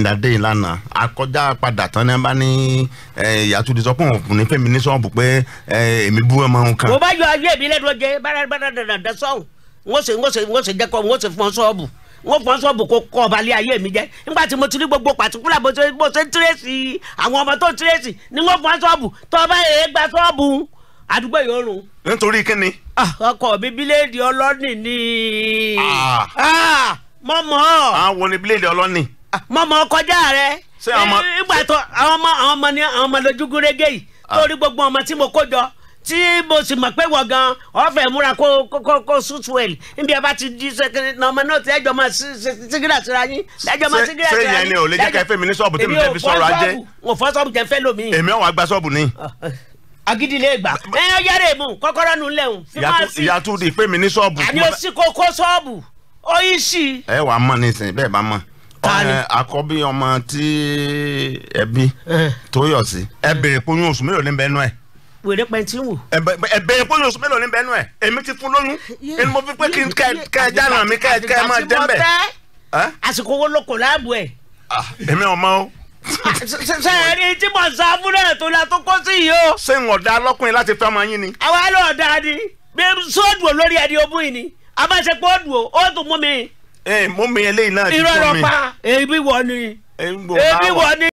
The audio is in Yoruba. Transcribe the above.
ìdádé ìlànà akọjá padà tán ní bá ní ìyá tó di sọ pé òun ní fẹmi ní sọọbù pé èmi bú ọmọ òun kan. mo bá yọ ayé mi lẹ́nu ọjẹ́ bára dàda sọ́hùn n ó ṣe n ó ṣe n ó ṣe jẹ́kọ̀ n ó ṣe fún sọ́ọ̀bù n ó fún sọ́ọ̀bù kó kọ́ ọba ayé mi jẹ́ nígbà tí mo ti ní gbogbo pàtíkúlà bó ṣe ń tírèsì àwọn ọmọ tó tírèsì ni wọ́n fún sọ́ọ̀bù tó bá yẹ gba sọ́ọ̀bù àdúgbò yóò nítorí kíni. Ah, ọkọ mi bíléèdì ọlọ́nì ni. Ah. Ah, mọ́mọ́. àwọn ni bíléèdì ọlọ́nì. Ah, mọmọ kọjá rẹ eh, ìgbà tó àwọn ọmọ àwọn ọmọ ni àwọn ọmọ lójúgún régé yìí ah. torí gbogbo ọmọ tí mo kó jọ tí mo sì mọ̀ pé wọ̀ gan ọ̀fẹ́ múra kó kó kó sùtùwẹ̀l níbi ẹ bá ti di ṣẹkẹrẹ náà ọmọ náà ti ẹjọ́ máa sígírà síra yín ẹjọ́ máa sígírà síra yín. sẹ́yìn ẹni ò lè jẹ́ ká ẹ fẹ́ mi ní sọ́ọ̀bù tí mi fẹ́ fi sọ̀rọ̀ ajé. mo fọ́ sọ́ọ̀bù jẹ́ fẹ́ lómi. èmi ọ̀wà gba sọ́ọ̀bù ni agidile gba ẹyọ yára èmu kọ́kọ́rọ́ nu lẹhun fi pé mi ní sọ́ọ̀bù. àní o sì kókó sọ́ọ̀bù ó ni. àkọ́bí ọmọ tí ẹbí tó yọ̀ sí ẹ bèrè pé oyún oṣù mélòó ní bẹ́ẹ̀ nú ẹ̀ wèrè pẹ̀ntín wò. ẹ̀bẹ̀ epo lóṣù mélòó ní bẹ́nu ẹ̀ èmi ti fún lóyún ẹni mo fi pé kí n kẹ ẹ jáná mi kẹ ẹ máa jẹ́ bẹ̀. àsìkò wo ló kò láàbù ẹ̀. èmi ò mọ o. ṣe ẹ ní tí mo sọ fúnra tó la tó kó sí yìí o. ṣé n ọ̀dà lọ́kùnrin láti fẹ́ ọmọ yín ni. àwa ló ọ̀dà ni bí sóòdù olórí ẹni ogún yìí ni àbáṣepọ̀ ọ̀dù ó tún mú mi ẹ mú mi eléyìí náà ti fún mi. irọ́ lọ pa ebi wọ ni ebi wọ ni.